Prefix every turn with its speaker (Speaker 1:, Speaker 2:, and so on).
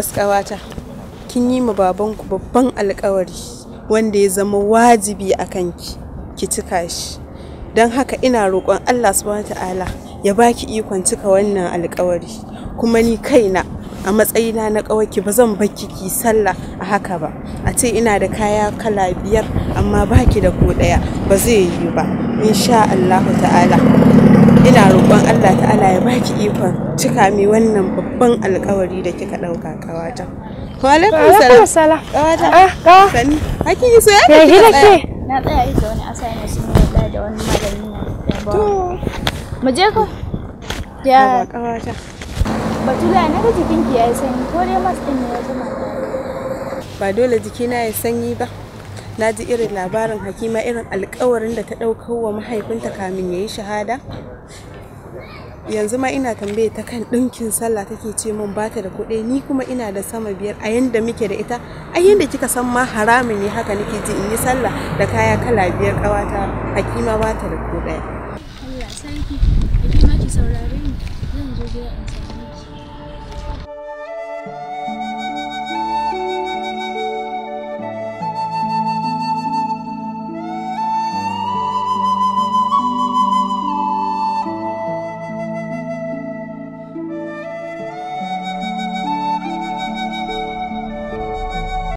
Speaker 1: Baskawata, kin yi ma babanku babban alkawari wanda ya zama wajibi a kanki, ki cika shi. Don haka ina roƙon Allah subhanahu ta'ala ya baki ikon cika wannan alkawari, kuma ni kaina a matsayina na ƙawarki ba zan baki ki sallah a haka ba a ce ina da kaya kala biyar amma baki da ko ɗaya ba zai yi ba insha Allah ta'ala ina roƙon Allah ta'ala ya baki ikon cika mi wannan babban alƙawari da kika ɗauka ƙawata
Speaker 2: wa alaikum Ah,
Speaker 1: ka. sani Haki yi so ya ke na tsaya yi da wani asali sun yi da wani magani na mu je ko ya ƙawata Batula na ga jikinki ya yi sanyi ko dai ne ya Ba dole jikina ya sanyi ba. Na ji irin labarin Hakima irin alkawarin da ta ɗaukar wa mahaifinta kamin ya yi shahada. Yanzu ma ina tambaye ta kan ɗinkin sallah take ce min bata da kuɗi ni kuma ina da sama biyar a yanda muke da ita a yanda kika san ma haramun ne haka nake ji in yi sallah da kaya kala biyar ƙawata Hakima bata da ko Allah sarki, Hakima ki saurare ni zan zo gida in